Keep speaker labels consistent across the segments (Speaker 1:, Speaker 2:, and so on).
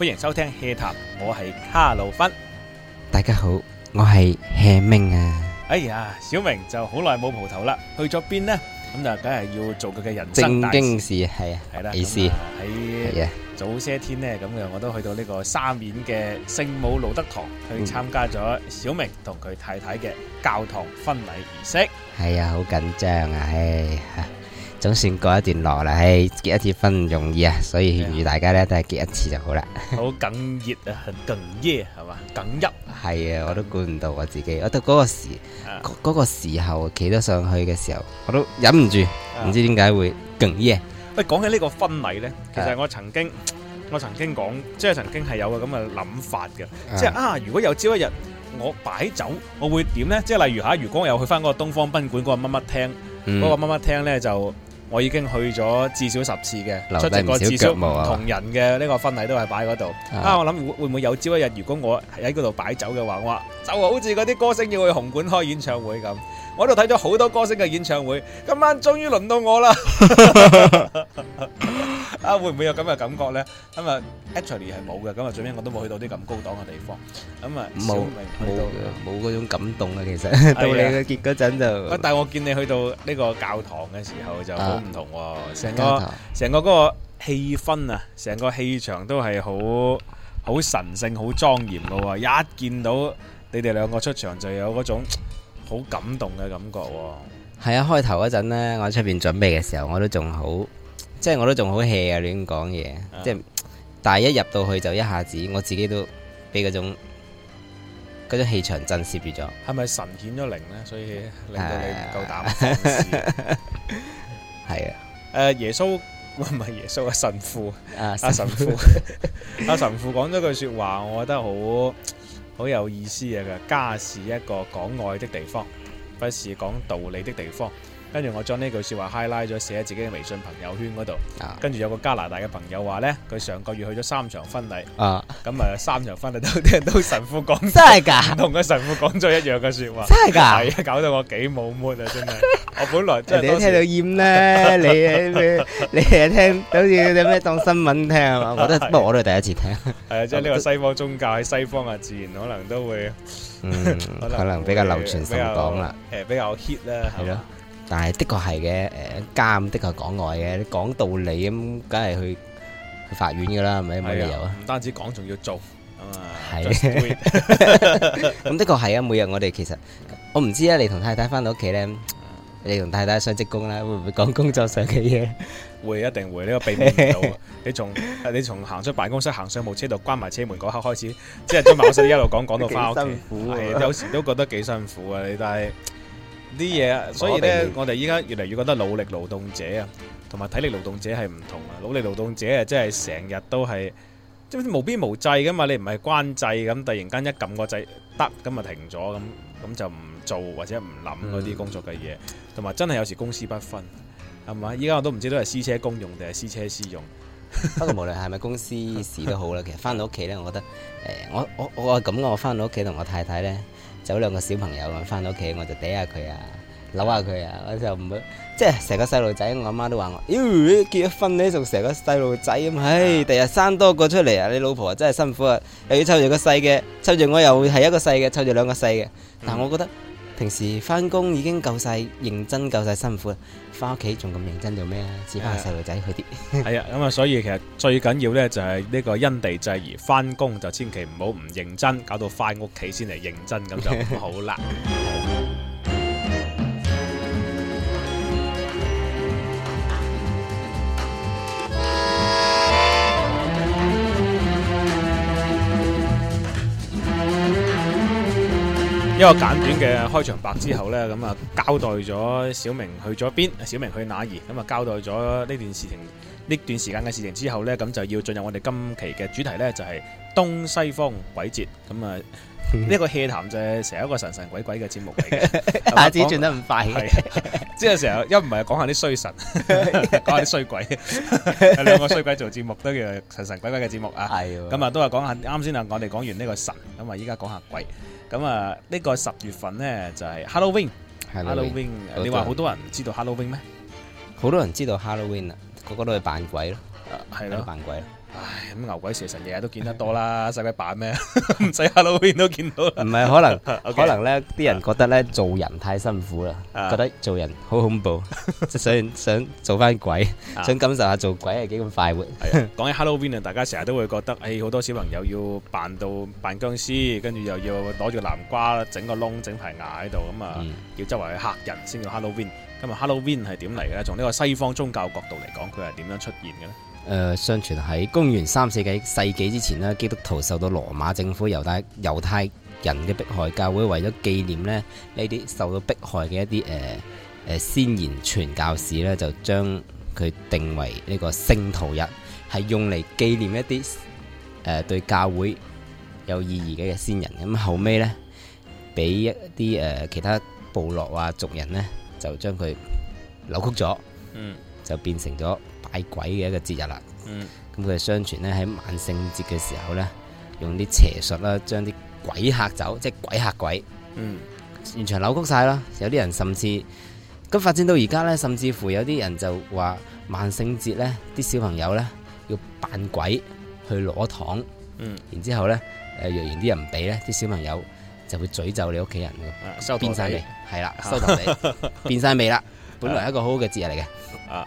Speaker 1: 歡迎收聽《HEA 談》，我係卡路芬，
Speaker 2: 大家好，我係 HEA 明啊！
Speaker 1: 哎呀，小明就好耐冇蒲頭啦，去咗邊呢？咁就梗係要做佢嘅人生正經事，
Speaker 2: 係啊，係啦，意思
Speaker 1: 喺早些天呢？咁樣我都去到呢個沙面嘅聖母路德堂去參加咗小明同佢太太嘅教堂婚禮儀式。
Speaker 2: 係啊，好緊張啊，唉。總算過一段落啦，唉，結一次婚唔容易啊，所以勸喻大家咧，都係結一次就好啦。
Speaker 1: 好哽咽啊，哽咽係嘛？哽泣
Speaker 2: 係啊，我都估唔到我自己，我到嗰個時，嗰個時候企得上去嘅時候，我都忍唔住，唔知點解會哽咽。
Speaker 1: 喂，講起呢個婚禮咧，其實我曾經，我曾經講，即係曾經係有個咁嘅諗法嘅，即係啊，如果有朝一日我擺酒，我會點咧？即係例如下，如果我又去翻嗰個東方賓館嗰個乜乜廳，嗰個乜乜廳咧就。我已經去咗至少十次嘅，出席過至少唔同人嘅呢個婚禮都係擺嗰度。啊，我諗會唔會有朝一日，如果我喺嗰度擺酒嘅話，哇，就好似嗰啲歌星要去紅館開演唱會咁。我喺度睇咗好多歌星嘅演唱會，今晚終於輪到我啦。 啊，會唔會有咁嘅感覺咧？咁啊，actually 係冇嘅。咁啊，最尾我都冇去到啲咁高檔嘅地方。咁啊，冇冇
Speaker 2: 冇嗰種感動啊！其實到你嘅結嗰陣就，但
Speaker 1: 係我見你去到呢個教堂嘅時候就好唔同喎，成個成個嗰個氣氛啊，成個氣場都係好好神聖、好莊嚴嘅喎。一見到你哋兩個出場就有嗰種好感動嘅感覺。
Speaker 2: 係啊，開頭嗰陣咧，我喺出邊準備嘅時候，我都仲好，即係我都仲好 hea 啊，亂講嘢。即係但係一入到去就一下子，我自己都俾嗰種嗰種氣場震懾
Speaker 1: 住咗。係咪神顯咗靈呢？所以令到你唔夠膽。係啊。誒 的、啊，耶穌唔係耶穌啊，神父啊，阿神父，阿、 啊、神父講咗句說話，我覺得好好有意思啊。家是一個講愛的地方，不是講道理的地方。跟住我將呢句說話 highlight 咗，寫喺自己嘅微信朋友圈嗰度。跟住有個加拿大嘅朋友話咧，佢上個月去咗三場婚禮，咁啊三場婚禮都聽到神父講，真係噶，同個神父講咗一樣嘅說話，真係噶，搞到我幾冇 mood 啊！真係，我本來你都聽到厭啦，你你你
Speaker 2: 係聽，好似嗰啲咩當新聞聽係嘛？我都不過我都係第一次聽，
Speaker 1: 係啊，即係呢個西方宗教喺西方啊，自然可能都會，嗯，可能比較流傳甚廣啦，誒，比較 hit 啦，係
Speaker 2: 咯。但係的確係嘅，誒，監的確係講外嘅，你講道理咁，梗係去去法院噶啦，係咪？冇理由啊，唔
Speaker 1: 單止講，仲要做啊嘛，係。咁的確
Speaker 2: 係啊，每日我哋其實，我唔知啊，你同太太翻到屋企咧，你同太太上職工咧，會唔會講工作上嘅嘢？
Speaker 1: 會一定會，呢個避免唔到。你從你從行出辦公室，行上部車度，關埋車門嗰刻開始，即係啲矛盾一路講講到翻屋企，好辛苦啊，係有時都覺得幾辛苦啊！你但係。啲嘢，所以咧，我哋依家越嚟越覺得腦力勞動者啊，同埋體力勞動者係唔同啊。腦力勞動者啊，真係成日都係即係無邊無際噶嘛，你唔係關掣咁，突然間一撳個掣得咁啊停咗咁，咁就唔做或者唔諗嗰啲工作嘅嘢，同埋、嗯、真係有時候公私不分，係嘛？依家我都唔知都係私車公用定係私車私用。不過無論係咪公司
Speaker 2: 事都好啦， 其實翻到屋企咧，我覺得誒，我我我係咁噶，我翻到屋企同我太太咧。有兩個小朋友啊，翻到屋企我就嗲下佢啊，扭下佢啊，我就唔會，即係成個細路仔，我阿媽都話我，咦、哎，結咗婚咧，仲成個細路仔咁，唉、哎，第日生多個出嚟啊，你老婆真係辛苦啊，又要湊住個細嘅，湊住我又係一個細嘅，湊住兩個細嘅，嗯、但係我覺得。平時翻工已經夠晒認真夠，夠晒辛苦啦，翻屋企
Speaker 1: 仲咁認真做咩？只怕細路仔去啲係啊，咁啊的， 所以其實最緊要咧就係呢個因地制宜，翻工就千祈唔好唔認真，搞到翻屋企先嚟認真咁就唔好啦。 一個簡短嘅開場白之後呢，咁啊交代咗小明去咗邊，小明去哪兒？咁啊交代咗呢段事情，呢段時間嘅事情之後呢，咁就要進入我哋今期嘅主題呢，就係東西方鬼節。咁啊，呢個 HEA 談就係成一個神神鬼鬼嘅節目嚟嘅。一下子轉得咁快，即係成日一唔係講下啲衰神，講下啲衰鬼，兩個衰鬼做節目都叫神神鬼鬼嘅節目啊。係，咁啊都係講下啱先啊，我哋講完呢個神，咁啊依家講下鬼。咁啊，呢、這個十月份呢，就係、是、
Speaker 2: Halloween，Halloween，你話好多
Speaker 1: 人唔知道 Halloween 咩？好多人知道 Halloween 啦，個個都係扮鬼、啊、咯，係咯，扮鬼。唉，咁牛鬼蛇神日日都見得多啦，使乜扮咩？唔使 Halloween 都見到，唔係可能，可能
Speaker 2: 咧啲人覺得咧做人太辛苦啦，覺得做人好恐怖，即係想想做翻鬼，想感受下做鬼係幾咁快活。
Speaker 1: 講起 Halloween 啊，大家成日都會覺得，唉，好多小朋友要扮到扮僵屍，跟住又要攞住南瓜整個窿，整排牙喺度，咁啊要周圍去嚇人先叫 Halloween。咁啊，Halloween 係點嚟嘅咧？從呢個西方宗教角度嚟講，佢係點樣出現嘅咧？
Speaker 2: 誒、呃，相傳喺公元三四世紀之前呢，基督徒受到羅馬政府猶太猶太人嘅迫害，教會為咗紀念咧呢啲受到迫害嘅一啲誒誒先賢傳教士呢，就將佢定為呢個聖徒日，係用嚟紀念一啲誒、呃、對教會有意義嘅先人。咁、嗯、後尾呢，俾一啲誒、呃、其他部落或族人呢，就將佢扭曲咗，就變成咗。拜鬼嘅一個節日啦，咁佢哋相傳咧喺萬聖節嘅時候咧，用啲邪術啦，將啲鬼吓走，即係鬼吓鬼，嗯，現場扭曲晒啦。有啲人甚至咁發展到而家咧，甚至乎有啲人就話萬聖節咧，啲小朋友咧要扮鬼去攞糖，嗯，然之後咧，誒，若然啲人唔俾咧，啲小朋友就會詛咒你屋企人嘅，收拖 變晒味，係啦、啊，收尾嚟，啊、變晒味啦。啊、本來一個好
Speaker 1: 好嘅節日嚟嘅。啊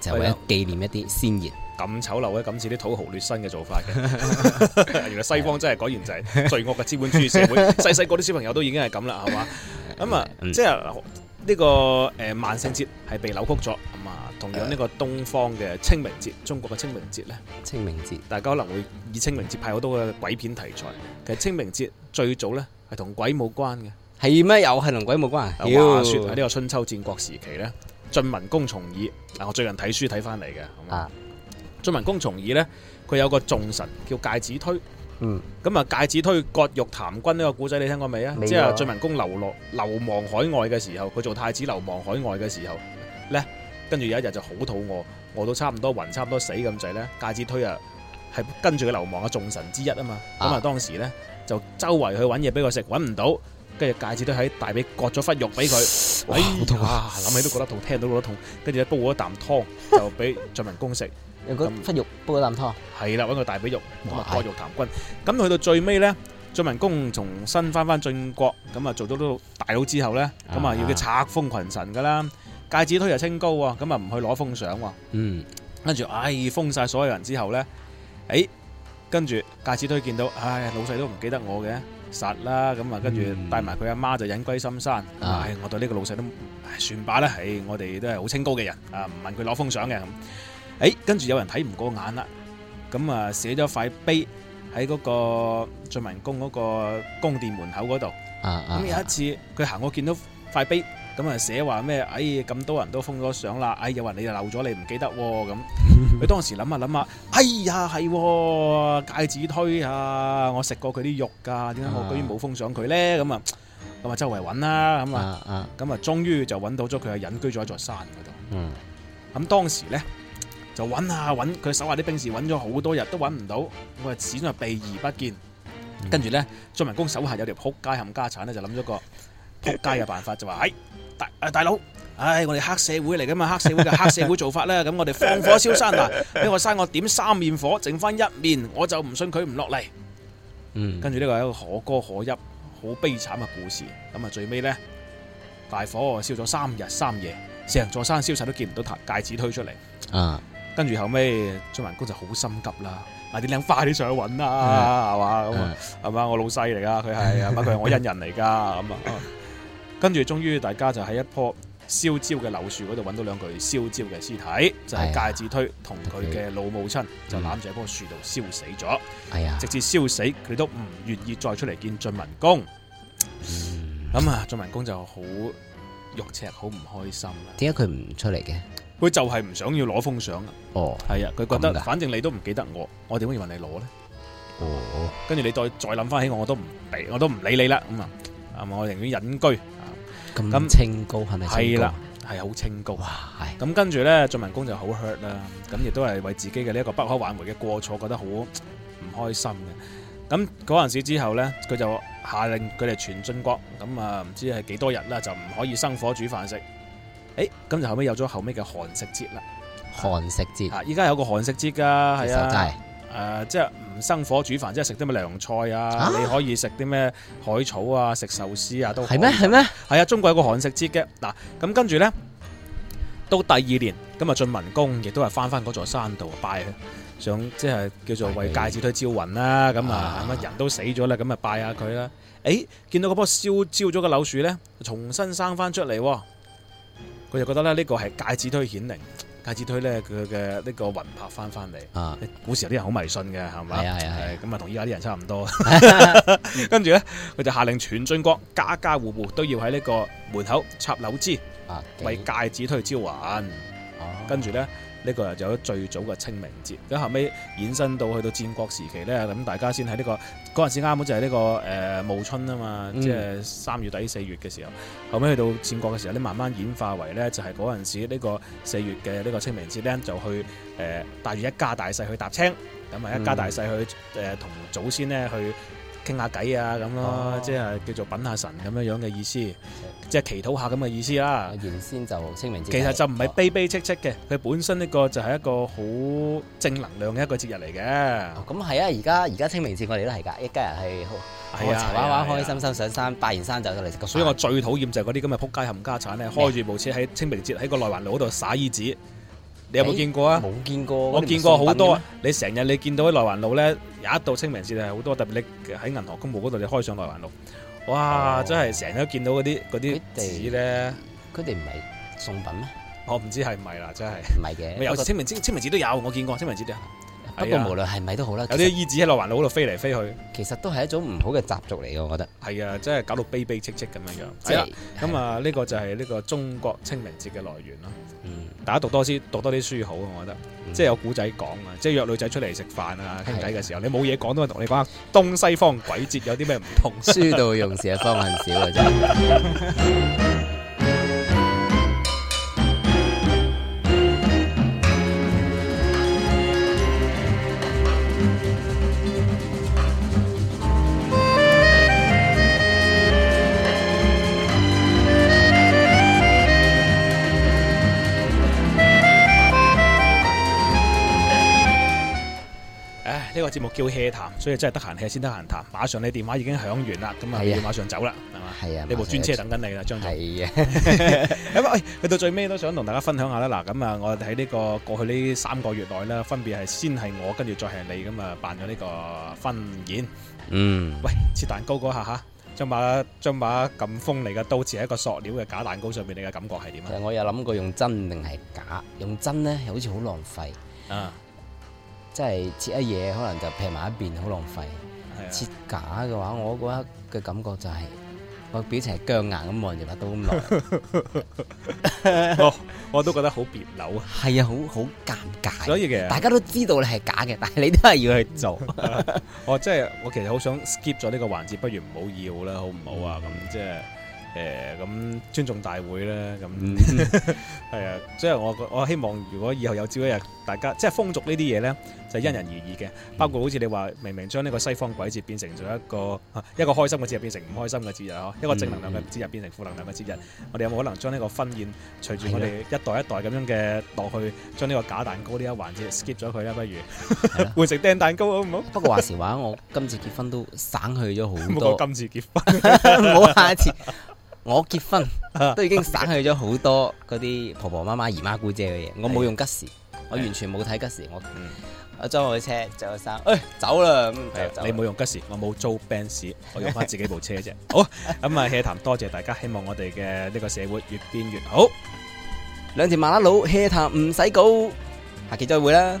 Speaker 1: 就為紀念一啲先賢的，咁醜陋嘅咁似啲土豪劣紳嘅做法嘅， 原來西方真係果然就係罪惡嘅資本主義社會。細細個啲小朋友都已經係咁啦，係嘛？咁啊，即係呢、這個誒、呃、萬聖節係被扭曲咗，咁、嗯、啊，同樣呢個東方嘅清明節，中國嘅清明節咧，清明節，大家可能會以清明節派好多嘅鬼片題材。其實清明節最早咧係同鬼冇關嘅，係咩？又係同鬼冇關？話說喺呢個春秋戰國時期咧。晉文公重耳，啊，我最近睇書睇翻嚟嘅。啊，晉文公重耳咧，佢有個忠臣，叫介子推。嗯。咁啊，介子推割肉啖君呢個古仔你聽過未啊？未了。即係晉文公流落流亡海外嘅時候，佢做太子流亡海外嘅時候咧，跟住有一日就好肚餓，餓到差唔多暈，差唔多死咁滯咧。介子推啊，係跟住佢流亡嘅忠臣之一啊嘛。咁啊，當時咧就周圍去揾嘢俾佢食，揾唔到。跟住戒指都喺大髀，割咗忽肉俾佢，哇哎、呀好痛啊，諗起都覺得痛，聽到都覺得痛。跟住煲咗啖湯， 就俾晉文公食。咁忽肉煲咗啖湯，係啦，搵個大髀肉，割肉啖君。咁去哇到最尾咧，晉文公重新翻翻晉國，咁啊做咗都大佬之後咧，咁啊要佢冊封群臣噶啦，啊、戒指推又清高喎，咁啊唔去攞封賞喎。嗯，跟住唉封晒所有人之後咧，誒、哎，跟住戒指推見到唉、哎、老細都唔記得我嘅。殺啦，咁啊跟住帶埋佢阿媽就隱居深山。唉、嗯哎，我對呢個老細都算罷啦。係我哋都係好清高嘅人啊，唔問佢攞封相嘅。誒、哎，跟住有人睇唔過眼啦，咁啊寫咗塊碑喺嗰個晉文公嗰個宮殿門口嗰度。
Speaker 2: 咁、嗯嗯、有一
Speaker 1: 次佢行過見到塊碑。咁啊，寫話咩？哎，咁多人都封咗相啦！哎，有人你就漏咗，你唔記得喎。咁佢當時諗下諗下，哎呀，係喎，介子推啊！我食過佢啲肉噶、啊，點解我居然冇封上佢咧？咁啊，咁啊，周圍揾啦，咁啊，咁啊，終於就揾到咗佢啊！隱居咗一座山嗰度。嗯。咁當時咧，就揾下揾佢手下啲兵士，揾咗好多日都揾唔到，佢係始終係避而不見。跟住咧，晉文公手下有條仆街冚家產咧，就諗咗個仆街嘅辦法，就話哎。大誒、啊，大佬，唉、哎，我哋黑社會嚟噶嘛，黑社會嘅黑社會做法啦。咁 我哋放火燒山嗱，俾我山我點三面火，剩翻一面，我就唔信佢唔落嚟。嗯，跟住呢個係一個可歌可泣、好悲慘嘅故事。咁、嗯、啊，最尾咧，大火啊，燒咗三日三夜，成座山燒晒都見唔到介之推出嚟。啊，跟住後尾，晉文公就好心急啦，阿啲靚快啲上去搵啦，係嘛。咁啊，係嘛，我老細嚟噶，佢係係嘛佢係我恩人嚟噶咁啊。嗯 跟住，終於大家就喺一棵燒焦嘅柳樹嗰度搵到兩具燒焦嘅屍體，就係、是、介子推同佢嘅老母親就攬住喺棵樹度燒死咗，係啊、哎呀，直至燒死佢都唔願意再出嚟見晉文公。咁啊、嗯，晉文公就好肉赤，好唔開心
Speaker 2: 啦。點解佢唔出嚟嘅？
Speaker 1: 佢就係唔想要攞封相。哦，係啊，佢覺得反正你都唔記得我，我點可以問你攞咧？哦，跟住你再再諗翻起我，我都唔理，我都唔理你啦。咁啊，咁我寧願隱居。咁清高係咪？係啦，係好清高。咁跟住咧，晉文公就好 hurt 啦。咁亦都係為自己嘅呢一個不可挽回嘅過錯，覺得好唔開心嘅。咁嗰陣時之後咧，佢就下令佢哋全晉國，咁啊唔知係幾多日啦，就唔可以生火煮飯食。誒，咁就後尾有咗後尾嘅寒食節啦。
Speaker 2: 寒食節啊，
Speaker 1: 依家有個寒食節噶係啊。誒、呃，即係唔生火煮飯，即係食啲咩涼菜啊？蛤你可以食啲咩海草啊？食壽司啊都係咩？係咩？係啊，中國有個寒食節嘅嗱，咁跟住咧，到第二年咁啊，晉文公亦都係翻翻嗰座山度拜，想即係叫做為介子推招魂啦。咁你啊，乜人都死咗啦，咁啊拜下佢啦。誒、欸，見到嗰棵燒焦咗嘅柳樹咧，重新生翻出嚟，佢就覺得咧呢個係介子推顯靈。戒指推咧，佢嘅呢個魂魄翻翻嚟啊！古時有啲人好迷信嘅，係咪？係係咁啊，同依家啲人差唔多。 跟住咧，佢就下令全晉國家家戶戶都要喺呢個門口插柳枝啊，幾為戒指推招魂。跟住咧。呢個就最早嘅清明節，咁後尾衍生到去到戰國時期咧，咁大家先喺呢個嗰陣時啱好就係呢、呢個誒、呃、暮春啊嘛，即係三月底四月嘅時候，後尾去到戰國嘅時候，呢慢慢演化為咧就係嗰陣時呢個四月嘅呢個清明節咧，就去誒、呃、帶住一家大細去踏青，咁啊一家大細去同、嗯呃、祖先咧去。傾下偈啊，咁咯、哦，即係叫做稟下神咁樣樣嘅意思，是即係祈禱下咁嘅意思啦。原先就清明節，其實就唔係悲悲戚戚嘅，佢、哦、本身呢個就係一個好正能量嘅一個節日嚟嘅。咁係、哦、啊，而家而家清明節我哋都係噶，一家人係開玩玩開心心上山,、啊啊啊、上山拜完山就過嚟食。所以我最討厭就係嗰啲咁嘅扑街冚家鏟咧，啊、開住部車喺清明節喺個內環路嗰度撒衣紙。
Speaker 2: 你有冇見過啊？冇
Speaker 1: 見過，我見過好多。你成日你見到喺內環路咧，有一到清明節係好多，特別你喺銀行公務嗰度，你開上內環路，哇！真係成日都見到嗰啲嗰啲紙咧。佢哋唔係送品咩？我唔知係唔係啦，真係。唔係嘅，有清明清清明節都有，我見過清明節都有。不過無論係咪都好啦，有啲衣紙喺落環路嗰度飛嚟飛去，其實都係一種唔好嘅習俗嚟嘅，我覺得係啊，真係搞到悲悲戚戚咁樣樣。係啊，咁啊，呢個就係呢個中國清明節嘅來源咯。嗯，大家讀多啲，讀多啲書好啊，我覺得。即係有古仔講啊，即係約女仔出嚟食飯啊傾偈嘅時候，你冇嘢講都係同你講下東西方鬼節有啲咩唔同。書到用時方恨少嘅，真。節目叫 hea 談，所以真係得閒 hea 先得閒談。馬上你電話已經響完啦，咁啊要馬上走啦，係
Speaker 2: 嘛？係啊，吧啊你部
Speaker 1: 專車等緊你啦，張導。係啊，喂喂，去到最尾都想同大家分享下啦。嗱，咁啊，我哋喺呢個過去呢三個月內啦，分別係先係我，跟住再係你，咁啊辦咗呢個婚宴。嗯，喂，切蛋糕嗰下吓，將把將把咁鋒利嘅刀切喺一個塑料嘅假蛋糕上面。你嘅感覺係點啊？我有諗過用真定係假，
Speaker 2: 用真咧又好似好浪費。啊、嗯。即係切一嘢，可能就劈埋一邊，好浪費。是啊、切假嘅話，我嗰得刻嘅感覺就係我個表情係僵硬咁望住把刀咁耐。哦，我都覺得好別扭。
Speaker 1: 係啊，好好尷尬。所以其實大家都知道你係假嘅，但係你都係要去做。我即係我其實好想 skip 咗呢個環節，不如唔好要啦，好唔好啊？咁即係。誒，咁、嗯、尊重大會啦，咁係、嗯、 啊，即係我我希望，如果以後有朝一日，大家即係風俗呢啲嘢咧，就因人而異嘅。包括好似你話，明明將呢個西方鬼節變成咗一個一個開心嘅節日，日，變成唔開心嘅節日啊，一個正能量嘅節日，日，變成負能量嘅節日。我哋有冇可能將呢個婚宴，隨住我哋一代一代咁樣嘅落去，將呢個假蛋糕一環節呢一環節 skip 咗佢咧，不如換的 成掟蛋糕好唔好？不過話時話，我今次結婚都省去咗好多。唔好講今次結婚，冇 下次。
Speaker 2: 我結婚都已經省去咗好多嗰啲婆婆媽媽姨媽姑姐嘅嘢，我冇用吉
Speaker 1: 時，我完全冇睇吉時，我的、
Speaker 2: 嗯、我裝好車，着好衫，誒、哎、
Speaker 1: 走啦咁。你冇用吉時，我冇租 Benz，我用翻自己部車啫。 好，咁啊 HEA 談多謝大家，希望我哋嘅呢個社會越變越好。兩條麻辣佬 HEA 談唔使告，下期再會啦。